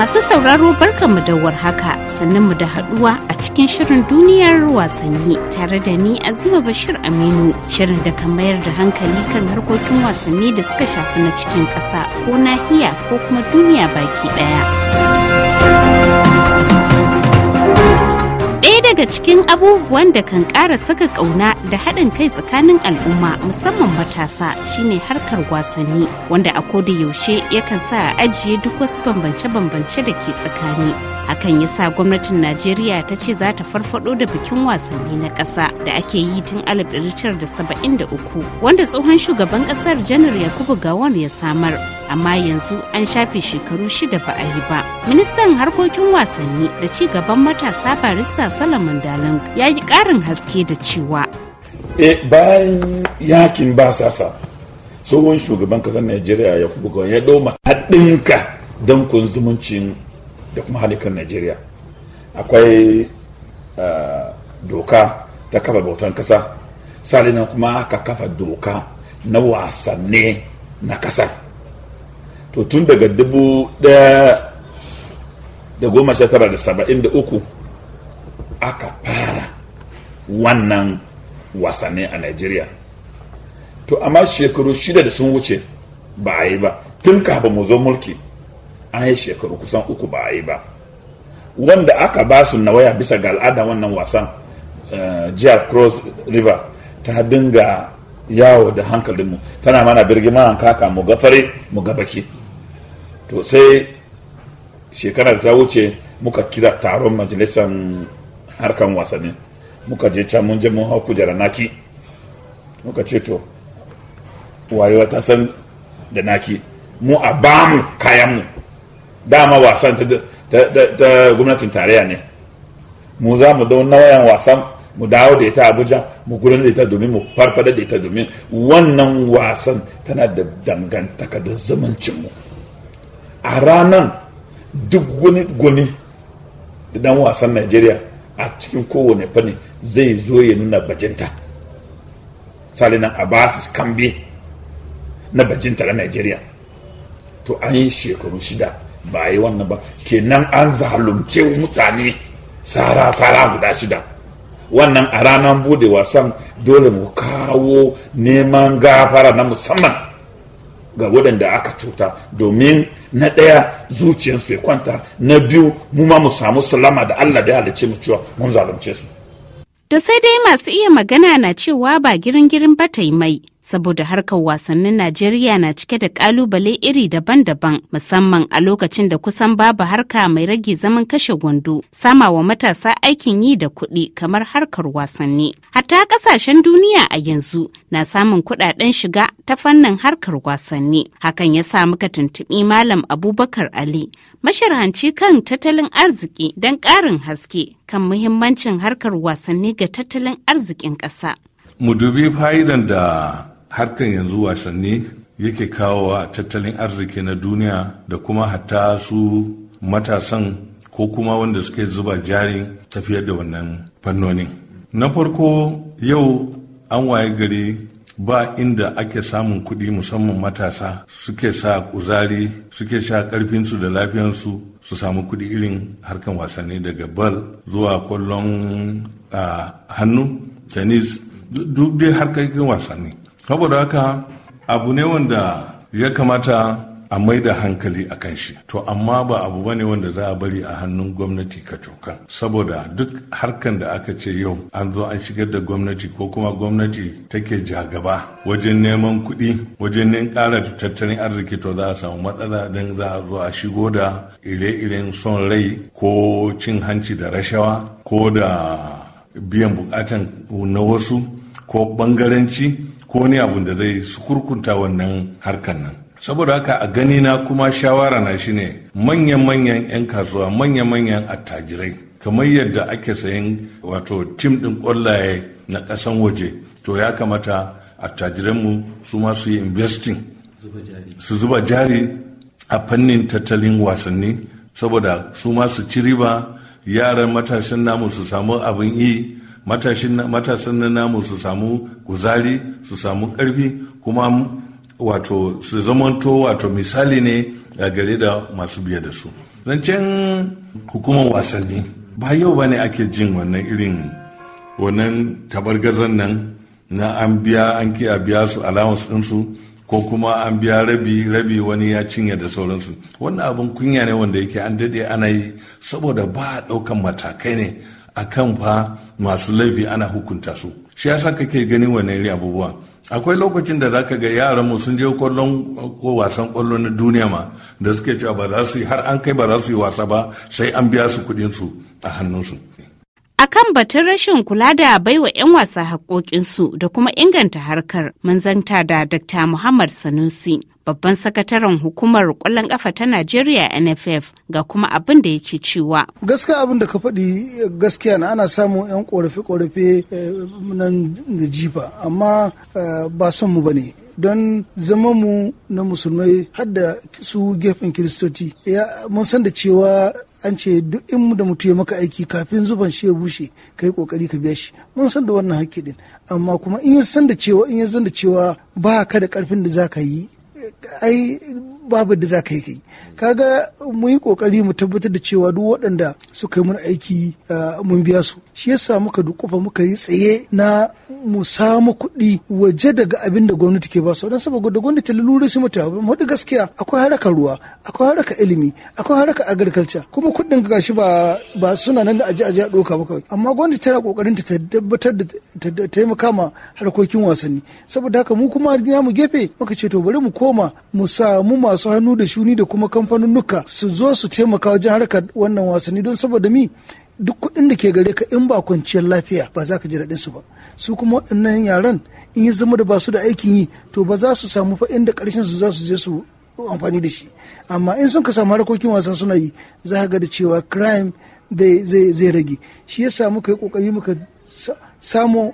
Masu sauraro barka mu da haka sannan mu da haduwa a cikin shirin duniyar wasanni tare da ni Azima Bashir Aminu shirin da kan mayar da hankali kan harkokin wasanni da suka shafi na cikin ƙasa ko nahiya ko kuma duniya baki ɗaya. daga cikin abubuwan da kan kara saka kauna da haɗin kai tsakanin al'umma musamman matasa shine harkar wasanni wanda a koda yaushe yakan sa a ajiye duk wasu bambance-bambance da ke tsakani. Hakan ya sa gwamnatin Najeriya ta ce za ta farfado da bikin wasanni na ƙasa da ake yi tun da 1973 wanda tsohon shugaban ƙasar Janar Yakubu Gawon ya samar amma yanzu an shafe shekaru shida ba a yi ba ministan harkokin wasanni da ci gaban matasa barista Salamun Dalin ya yi karin haske da cewa e bayan yakin ba sasa tsohon shugaban kasar najeriya ya kuma ya doma haɗinka don kun zumuncin da kuma halikan najeriya akwai ah, doka ta kafa bautan kasa salinan kuma aka kafa doka na wasanni na ƙasar. to tun daga dubu ɗaya da goma sha tara da saba'in da uku aka fara wannan wasanni a nigeria to amma shekaru shida da sun wuce ba a yi ba tun kafin mu zo mulki an yi shekaru kusan uku ba a yi ba wanda aka ba su nawaya bisa ga al'ada wannan wasan eh, jihar cross river ta dinga yawo da hankalinmu tana mana birgima an kaka mu ga fari mu ga baki to sai shekarar ta wuce muka kira taron majalisar harkan wasanni muka je can mun je mun hau kujera naki muka ce to wayewa ta san da naki mu a bamu kayanmu dama wasan ta gwamnatin tarayya ne mu za mu don nauyin wasan mu dawo da ita abuja mu gudanar da ita domin mu farfada da ita domin wannan wasan tana da dangantaka da zumuncinmu a ranan duk wani gwani da dan wasan najeriya a cikin kowane fanni zai zo ya nuna bajinta salinan abbas kambe na bajinta na najeriya to an yi shekaru shida ba a yi wannan ba kenan an zalunce mutane Sara, Sara guda shida wannan a ranar bude wasan dole mu kawo neman gafara na musamman ga waɗanda aka cuta domin na ɗaya zuciyarsu ya kwanta na biyu mu ma mu samu salama da Allah da ya halicci mu cewa mun zalunce su. da sai dai masu iya magana na cewa ba girin girin ba ta yi mai saboda harkar wasannin Najeriya na cike da kalubale iri daban-daban musamman a lokacin da kusan babu harka mai rage zaman kashe gwando sama wa matasa aikin yi da kuɗi kamar harkar wasanni. Hatta kasashen duniya a yanzu na samun kuɗaɗen shiga ta fannin harkar wasanni. Hakan ya sa muka tuntuɓi Malam Abubakar Ali, masharhanci kan tattalin arziki don ƙarin haske kan muhimmancin harkar wasanni ga tattalin arzikin ƙasa. Mu dubi fa'idan da harkan yanzu wasanni yake kawo a tattalin arziki na duniya da kuma hatta su matasan ko kuma wanda suke zuba jari tafiyar da wannan fannonin na farko yau an waye gari ba inda ake samun kuɗi musamman matasa suke sa kuzari suke sha karfinsu da lafiyansu su samu kuɗi irin harkan wasanni daga bal zuwa kwallon ah, hannu tennis duk dai harkar wasanni saboda haka abu ne wanda ya kamata a mai da hankali a kan shi to amma ba abu bane wanda za a bari a hannun gwamnati ka cokan saboda duk harkan da aka ce yau an zo an shigar da gwamnati ko kuma gwamnati take jagaba wajen neman kuɗi wajen neman ƙara tattalin arziki to za a samu matsala don za a zo a shigo da ire-iren son rai ko cin hanci da rashawa ko da biyan bukatan na wasu ko bangaranci ko wani abun da zai sukurkunta wannan harkan nan saboda haka a gani na kuma shawara na shine manyan-manyan 'yan kasuwa manyan-manyan attajirai kamar yadda ake sayan wato tim ɗin ƙwallaye na ƙasan waje to ya kamata mu su masu yi investing su zuba jari a fannin tattalin wasanni saboda su masu ci riba yaran matashin namu su samu abin yi matasan na namu su samu kuzari su samu karfi kuma wato su zamanto wato misali ne a gare da masu biya da su zancen hukumar wasanni ba yau ba ne ake jin wannan irin wannan tabargazan nan na an biya an ki a biya su allowance ɗinsu ko kuma an biya rabi rabi wani ya cinye da sauransu wannan abin kunya ne wanda yake an dade ana yi saboda ba a ɗaukan matakai ne a kan fa masu laifi ana hukunta su shi ya yasa kake ganin wannan abubuwa akwai lokacin da zaka ga yaran mu sun je kwallon ko wasan kwallo na duniya ma da suke cewa ba za su yi har an kai ba za su yi wasa ba sai an biya su kuɗin su a hannunsu akan batun rashin kula da baiwa 'yan wasa haƙoƙinsu da kuma inganta harkar manzanta da Dr. Muhammad Sanusi, babban sakataren hukumar ƙwallon ƙafa ta Najeriya NFF ga kuma abin da yake cewa. Gaskiya abin da ka faɗi eh, gaskiya na ana samun 'yan ƙorafe-ƙorafe eh, nan da jifa, amma eh, ba son mu ba ne. don zama mu na musulmai hadda su gefen kiristoci mun san da cewa an ce duk in da mutu ya maka aiki kafin zuban shi ya bushe ka yi kokari ka biya shi mun san da wannan hakki din amma kuma in ya san da cewa in ya san da cewa ba ka da karfin da za ka yi ai babu da za ka yi kai kaga mun yi kokari mu tabbatar da cewa duk waɗanda suka yi mun aiki mun biya su shi yasa muka dukufa muka yi tsaye na mu samu kuɗi waje daga abin da gwamnati ke ba su don saboda gwamnati lalura su mata mu gaskiya akwai haraka ruwa akwai haraka ilimi akwai haraka agriculture kuma kuɗin gashi ba ba suna nan da aji a ɗoka ba kawai amma gwamnati tana kokarin ta tabbatar da ta taimaka ma harkokin wasanni saboda haka mu kuma mu gefe muka ce to bari mu koma mu samu masu masu hannu da shuni da kuma kamfanunnuka su zo su taimaka wajen harkar wannan wasanni don saboda mi duk kuɗin da ke gare ka in ba kwanciyar lafiya ba za ka ji daɗin su ba su kuma waɗannan yaran in ya zama da ba su da aikin yi to ba za su samu fa inda ƙarshen su za su je su amfani da shi amma in sun ka samu harkokin wasa suna yi za ka ga da cewa crime zai rage shi yasa muka yi ƙoƙari muka samo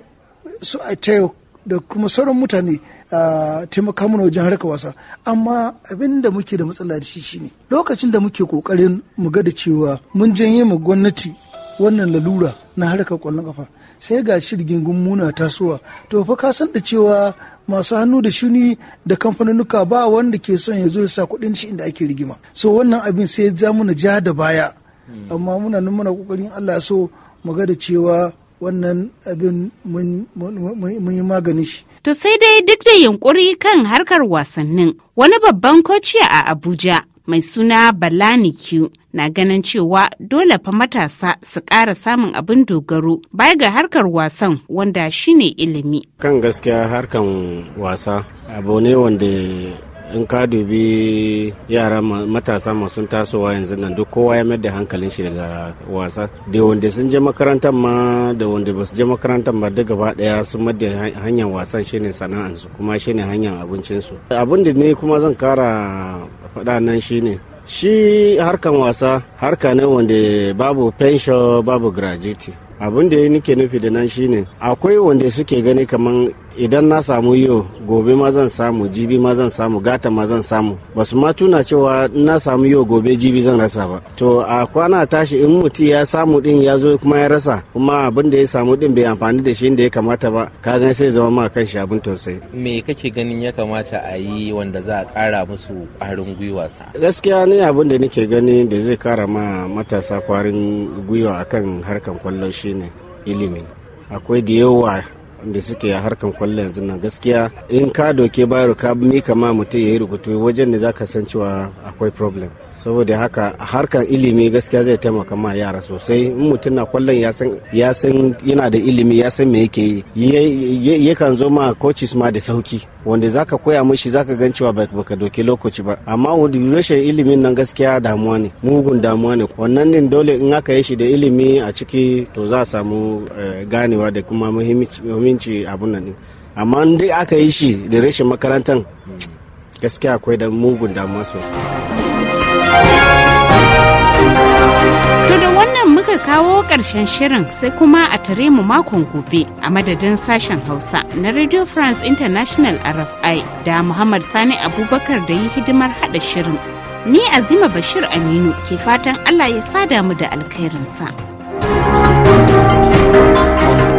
su a tayo da kuma sauran mutane a taimaka mana wajen harka wasa amma abin da muke da matsala da shi shine lokacin da muke kokarin mu ga da cewa mun janye mu gwamnati wannan lalura na harkar kwallon kafa sai ga shirgin muna tasowa to fa ka san da cewa masu hannu da shuni da kamfanonuka ba wanda ke son ya zo ya sa kuɗin shi inda ake rigima so wannan abin sai ya ja muna ja da baya hmm. amma muna nan muna kokarin Allah so mu ga da cewa wannan abin mun yi magani shi. To sai dai duk da yunkuri kan harkar wasannin wani babban kociya a Abuja mai suna Balani Q na ganin cewa dole fa matasa su ƙara samun abin dogaro baya ga harkar wasan wanda shine ilimi. Kan gaskiya harkan wasa abu ne wanda in ka dubi yara matasa masu tasowa yanzu nan duk kowa ya mayar da hankalin shi daga wasa da wanda sun je makarantar ma da wanda ba su je makarantar ba duk gaba daya sun mayar da hanyar wasan shine sana'ansu kuma shine hanyar abincinsu abin da ne kuma zan kara faɗa nan shine shi harkan wasa harka ne wanda babu pension babu graduate abin da nike nufi da nan shine akwai wanda suke gani kaman idan na samu yau gobe ma zan samu jibi ma zan samu gata ma zan samu ba su ma tuna cewa na samu yau gobe jibi zan rasa ba to a kwana tashi in mutum ya samu din ya zo kuma ya rasa kuma abin da ya samu din bai amfani da shi inda ya kamata ba ka gan sai zama ma kan shi abin tausayi me kake ganin ya kamata a yi wanda za a kara musu kwarin gwiwa sa gaskiya ne abin da nake gani da zai kara ma matasa kwarin gwiwa akan harkan kwallon shine ilimi akwai da yawa da suke a harkan kwallo yanzu na gaskiya in ka doke bayar ka mi ma mutum ya yi rubutu wajen ne ka san cewa akwai problem saboda haka harkan ilimi gaskiya zai taimaka ma yara sosai in mutum na kwallon ya san yana da ilimi ya san me yake yi yakan zo ma coaches ma da sauki wanda zaka koya mishi zaka gan cewa baka doke lokaci ba amma rashin ilimin nan gaskiya damuwa ne mugun damuwa ne wannan din dole in aka yi shi da ilimi a ciki to za a samu eh, ganewa da kuma muhimmanci abun nan amma in aka yi shi da rashin makarantan gaskiya akwai da mugun damuwa sosai kawo ƙarshen shirin sai kuma a tare mu makon gobe a madadin sashen Hausa na Radio France International RFI da Muhammad Sani Abubakar da yi hidimar haɗa shirin. Ni Azima Bashir Aminu ke fatan Allah ya sada mu da alkhairinsa. thank you